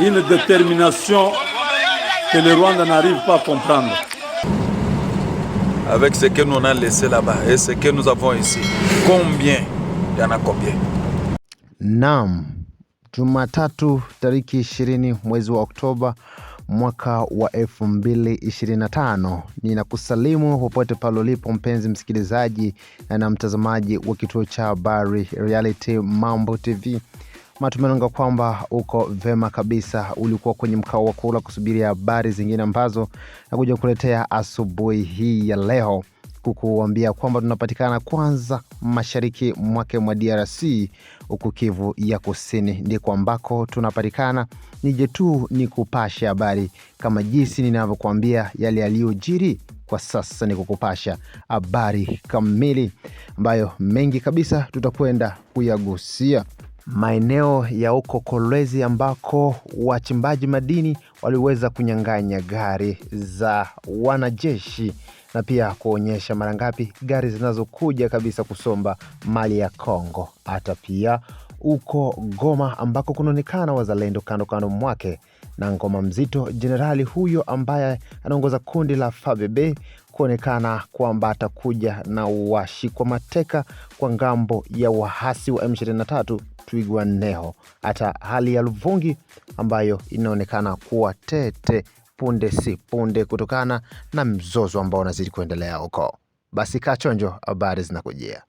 une détermination que le Rwanda n'arrive pas à comprendre. Avec ce que nous avons laissé là-bas et ce que nous avons ici, combien il y en a combien? Nam, Jumatatu tariki ishirini mwezi wa Oktoba mwaka wa 2025 ninakusalimu popote pale ulipo mpenzi msikilizaji na mtazamaji wa kituo cha habari Reality Mambo TV matumaini kwamba uko vema kabisa, ulikuwa kwenye mkao wa kula kusubiria habari zingine ambazo nakuja kuletea asubuhi hii ya leo, kukuambia kwamba tunapatikana kwanza mashariki mwake mwa DRC huku Kivu ya Kusini ndiko ambako tunapatikana. Nije tu ni kupasha habari kama jinsi ninavyokuambia yale yaliyojiri kwa sasa ni kukupasha habari kamili ambayo mengi kabisa tutakwenda kuyagusia maeneo ya huko Kolwezi ambako wachimbaji madini waliweza kunyang'anya gari za wanajeshi na pia kuonyesha mara ngapi gari zinazokuja kabisa kusomba mali ya Kongo. Hata pia huko Goma ambako kunaonekana wazalendo kando kando mwake na ngoma mzito, jenerali huyo ambaye anaongoza kundi la FABB kuonekana kwamba atakuja na uwashi kwa mateka kwa ngambo ya wahasi wa M23 Twigwa neho Hata hali ya Luvungi ambayo inaonekana kuwa tete punde si punde kutokana na mzozo ambao unazidi kuendelea huko. Basi kachonjo, habari zinakujia.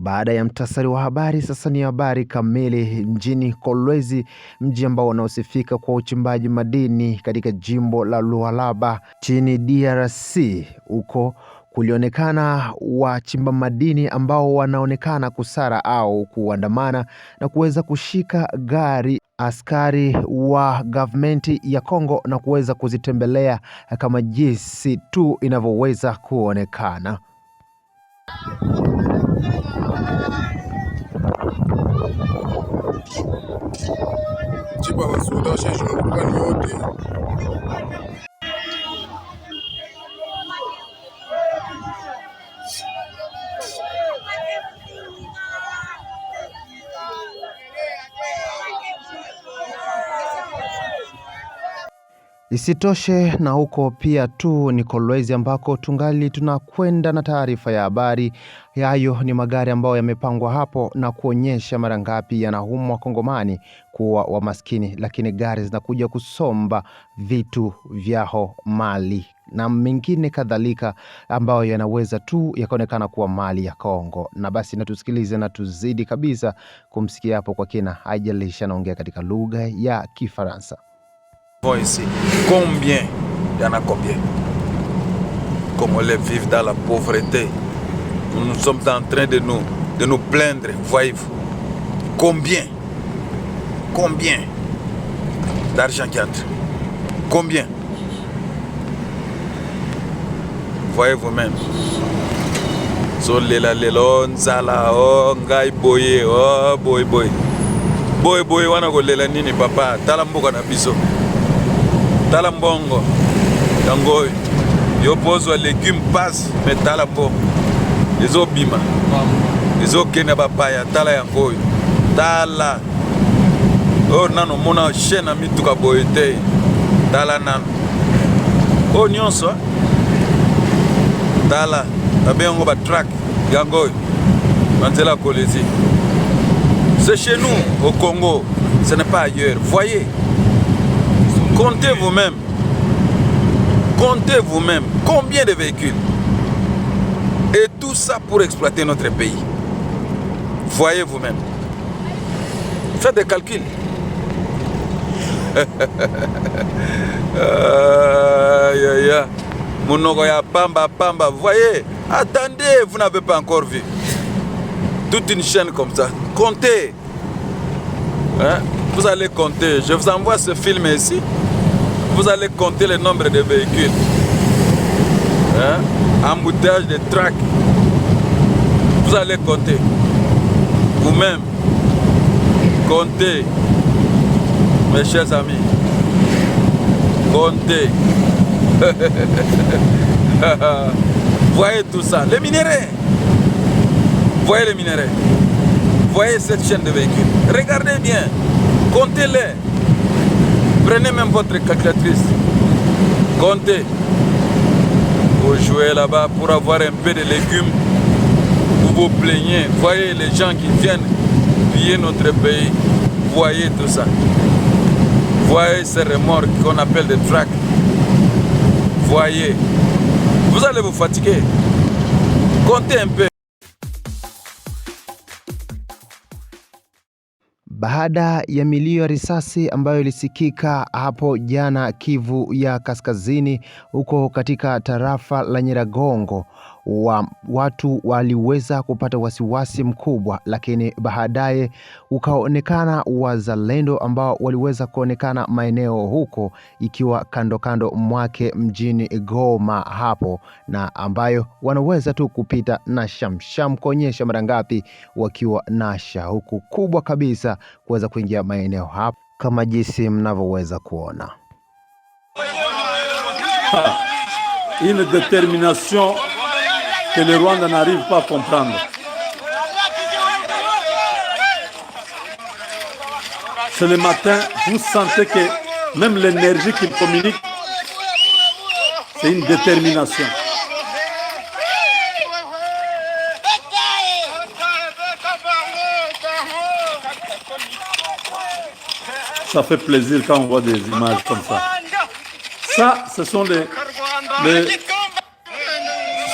Baada ya mtasari wa habari, sasa ni habari kamili. Mjini Kolwezi, mji ambao unaosifika kwa uchimbaji madini katika jimbo la Lualaba chini DRC, huko kulionekana wachimba madini ambao wanaonekana kusara au kuandamana na kuweza kushika gari askari wa gavmenti ya Kongo na kuweza kuzitembelea kama jinsi tu inavyoweza kuonekana. jipa wasuda washashona kulukani yote Isitoshe na huko pia tu ni Kolwezi ambako tungali tunakwenda na taarifa ya habari. Hayo ni magari ambayo yamepangwa hapo na kuonyesha mara ngapi yanahumwa Kongomani kuwa wa maskini, lakini gari zinakuja kusomba vitu vyao, mali na mengine kadhalika ambayo yanaweza tu yakaonekana kuwa mali ya Kongo. Na basi natusikilize na tuzidi kabisa kumsikia hapo kwa kina, haijalishi anaongea katika lugha ya Kifaransa. ici. Combien Il y en a combien les vivent dans la pauvreté. Nous, nous sommes en train de nous, de nous plaindre, voyez-vous. Combien Combien d'argent qui entre Combien Voyez vous-même. solela oh, nzala ngai boye oh boye boye boye boy wana lela nini papa tala mboka na biso tala mbongo yango yo pozwa legume pasi me tala mpo ezobima ezokende bapaya tala yango oyo tala oyo oh, nano omona chaine ya mituka boye te tala nano oyo oh, nyonso tala babe yango batrak yango oyo na nzela ya kolezi c'est chez nous au congo ce n'est pas ailleurs voyez Comptez vous-même. Comptez vous-même combien de véhicules. Et tout ça pour exploiter notre pays. Voyez vous-même. Faites des calculs. aïe, aïe, aïe. Pamba Pamba. voyez Attendez, vous n'avez pas encore vu. Toute une chaîne comme ça. Comptez. Hein? Vous allez compter. Je vous envoie ce film ici vous allez compter le nombre de véhicules. Hein? Embouteillage de tracts. Vous allez compter. Vous-même, comptez, mes chers amis. Comptez. Voyez tout ça. Les minéraux. Voyez les minéraux. Voyez cette chaîne de véhicules. Regardez bien. Comptez-les. Prenez même votre calculatrice. Comptez. Vous jouez là-bas pour avoir un peu de légumes. Vous vous plaignez. Voyez les gens qui viennent piller notre pays. Voyez tout ça. Voyez ces remords qu'on appelle des tracts. Voyez. Vous allez vous fatiguer. Comptez un peu. baada ya milio ya risasi ambayo ilisikika hapo jana Kivu ya Kaskazini, huko katika tarafa la Nyiragongo, wa watu waliweza kupata wasiwasi mkubwa, lakini baadaye ukaonekana wazalendo ambao waliweza kuonekana maeneo huko, ikiwa kando kando mwake mjini Goma hapo, na ambayo wanaweza tu kupita na shamsham kuonyesha mara ngapi wakiwa na shauku kubwa kabisa kuweza kuingia maeneo hapo kama jinsi mnavyoweza kuona ha, une determination que le Rwanda n'arrive pas à comprendre. C'est le matin, vous sentez que même l'énergie qu'il communique, c'est une détermination. Ça fait plaisir quand on voit des images comme ça. Ça, ce sont les, les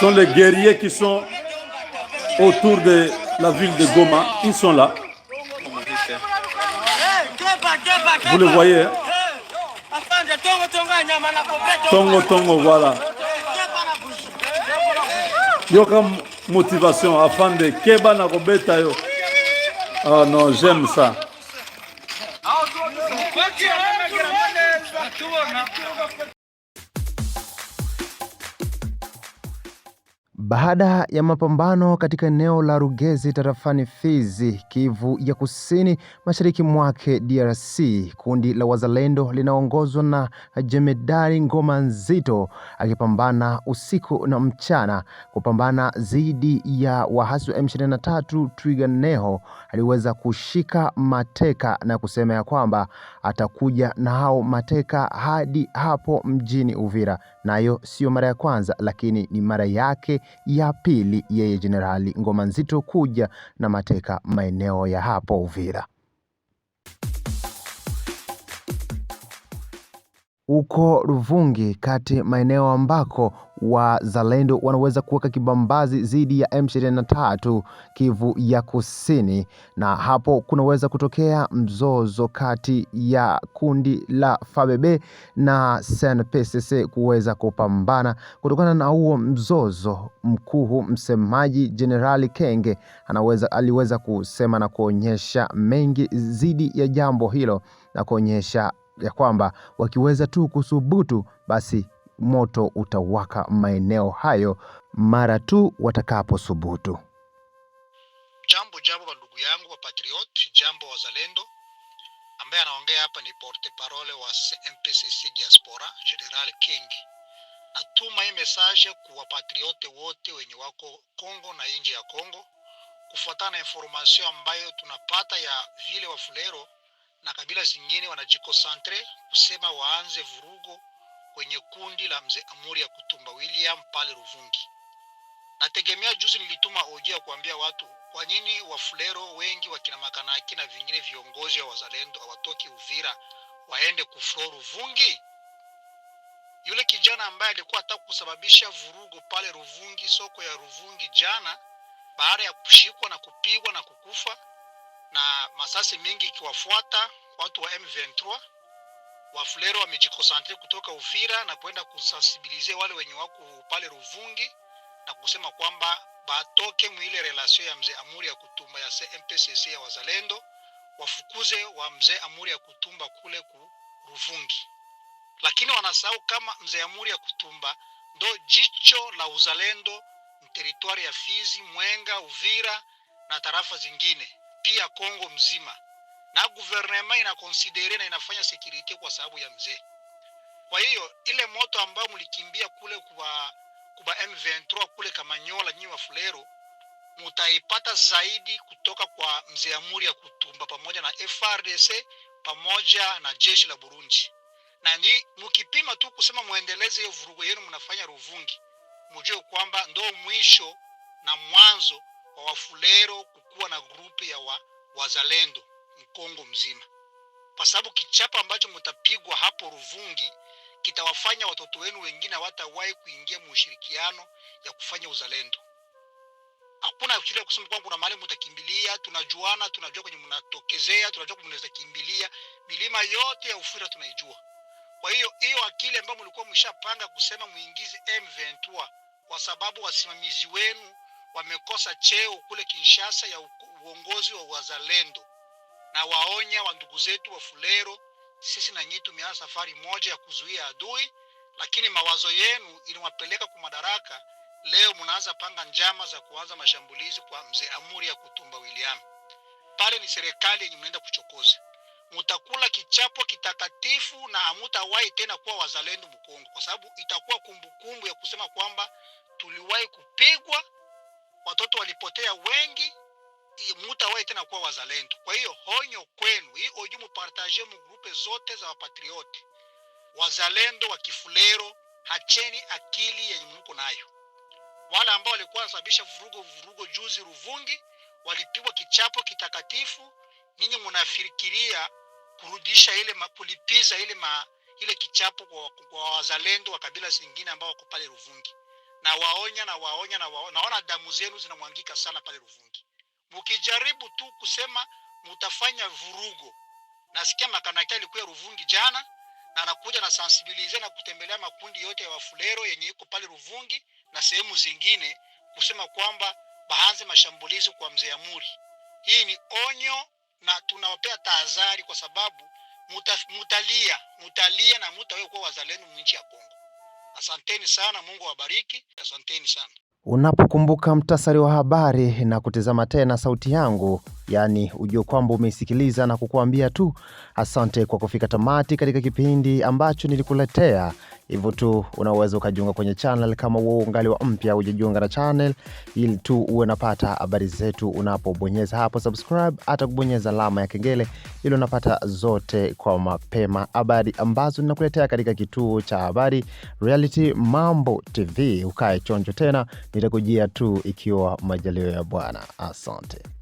sont les guerriers qui sont autour de la ville de Goma. Ils sont là. Vous le voyez. Hein? Tongo Tongo, voilà. a Yoka motivation afin de Keba yo. Oh non, j'aime ça. Baada ya mapambano katika eneo la Rugezi tarafani Fizi, Kivu ya Kusini, mashariki mwake DRC, kundi la wazalendo linaongozwa na Jemedari Ngoma Nzito akipambana usiku na mchana kupambana dhidi ya waasi wa M23 twiganeho aliweza kushika mateka na kusema ya kwamba atakuja na hao mateka hadi hapo mjini Uvira nayo sio mara ya kwanza, lakini ni mara yake ya pili yeye Jenerali Ngoma Nzito kuja na mateka maeneo ya hapo Uvira. uko Ruvungi kati maeneo ambako wazalendo wanaweza kuweka kibambazi dhidi ya M23 Kivu ya Kusini, na hapo kunaweza kutokea mzozo kati ya kundi la fabb na SNPCC kuweza kupambana. Kutokana na huo mzozo mkuu, msemaji Jenerali Kenge anaweza aliweza kusema na kuonyesha mengi dhidi ya jambo hilo na kuonyesha ya kwamba wakiweza tu kuthubutu, basi moto utawaka maeneo hayo mara tu watakapothubutu. Jambo jambo, ndugu yangu wa Patriot, jambo wazalendo. Ambaye anaongea hapa ni porte parole wa MPCC Diaspora, General King. Natuma hii message kwa patriote wote wenye wako Kongo na nje ya Kongo, kufuatana na information ambayo tunapata ya vile Wafulero na kabila zingine wanajikosantre kusema waanze vurugo kwenye kundi la mzee Amuri ya Kutumba William pale Ruvungi. Nategemea juzi nilituma hoja ya kuambia watu kwa nini wafulero wengi wakina Makanaki na vingine viongozi wa wazalendo hawatoki Uvira waende kufuro Ruvungi. Yule kijana ambaye alikuwa ataka kusababisha vurugo pale Ruvungi, soko ya Ruvungi jana, baada ya kushikwa na kupigwa na kukufa na masasi mengi ikiwafuata watu wa M23 wafulero wamejikosantre kutoka Uvira na kwenda kusensibilize wale wenye wako pale Ruvungi na kusema kwamba batoke mwile relasio ya mzee Amuri ya Kutumba ya MPCC ya wazalendo wafukuze wa mzee Amuri ya Kutumba kule ku Ruvungi. Lakini wanasahau kama mzee Amuri ya Kutumba ndo jicho la uzalendo mteritwari ya Fizi, Mwenga, Uvira na tarafa zingine pia Kongo mzima, na guvernema inakonsidere na inafanya security kwa sababu ya mzee. Kwa hiyo ile moto ambayo mlikimbia kule kwa kwa M23 kule Kamanyola, nyi wa Fulero mutaipata zaidi kutoka kwa mzee Amuri ya Kutumba pamoja na FRDC pamoja na jeshi la Burundi. Na ni mkipima tu kusema muendeleze hiyo vurugu yenu mnafanya Ruvungi, mujue kwamba ndo mwisho na mwanzo wa Wafulero kukuwa na grupe ya wa, wazalendo Mkongo mzima, kwa sababu kichapa ambacho mtapigwa hapo Ruvungi kitawafanya watoto wenu wengine hawatawahi kuingia mushirikiano ya kufanya uzalendo. Hakuna kile kusema kwamba kuna mahali mtakimbilia, tunajuana, tunajua kwenye mnatokezea, tunajua mnaweza kimbilia. Milima yote ya Ufira tunaijua. Kwa hiyo hiyo akili ambayo mlikuwa mshapanga kusema muingize M23 kwa sababu wasimamizi wenu wamekosa cheo kule Kinshasa ya uongozi wa wazalendo, na waonya wa ndugu zetu wa Fulero, sisi na nyinyi tumeanza safari moja ya kuzuia adui, lakini mawazo yenu iliwapeleka kwa madaraka. Leo mnaanza panga njama za kuanza mashambulizi kwa mzee Amuri ya Kutumba William. Pale ni serikali yenye mnaenda kuchokoza, mutakula kichapo kitakatifu na hamutawahi tena kuwa wazalendo Mkongo, kwa sababu itakuwa kumbukumbu ya kusema kwamba tuliwahi kupigwa watoto walipotea wengi, mutawahi tena kuwa wazalendo. Kwa hiyo honyo kwenu, hii ojumu mupartaje mu grupe zote za wapatrioti wazalendo wa Kifulero, hacheni akili yenye mko nayo. Wale ambao walikuwa wanasababisha vurugo vurugo juzi Ruvungi walipigwa kichapo kitakatifu. Ninyi mnafikiria kurudisha ile kulipiza ile ma, ile kichapo kwa, kwa wazalendo wa kabila zingine ambao wako pale Ruvungi na waonya na waonya na waonya. Naona damu zenu zinamwangika sana pale Ruvungi. Mkijaribu tu kusema mutafanya vurugo. Nasikia makanaki alikuwa Ruvungi jana na anakuja na sensibilize na kutembelea makundi yote ya wafulero yenye iko pale Ruvungi na sehemu zingine kusema kwamba baanze mashambulizi kwa mzee Amuri. Hii ni onyo na tunawapea tahadhari kwa sababu mutalia mutalia na mutawekuwa wazalendo mwinchi ya Kongo. Asanteni sana, Mungu awabariki, asanteni sana. Unapokumbuka mtasari wa habari na kutizama tena sauti yangu, yaani ujue kwamba umeisikiliza na kukuambia tu asante kwa kufika tamati katika kipindi ambacho nilikuletea hivyo tu unaweza ukajiunga kwenye channel kama wewe ungali wa mpya ujajiunga na channel, ili tu uwe unapata habari zetu unapobonyeza hapo subscribe, hata kubonyeza alama ya kengele, ili unapata zote kwa mapema habari ambazo ninakuletea katika kituo cha habari Reality Mambo TV. Ukae chonjo tena, nitakujia tu ikiwa majalio ya Bwana. Asante.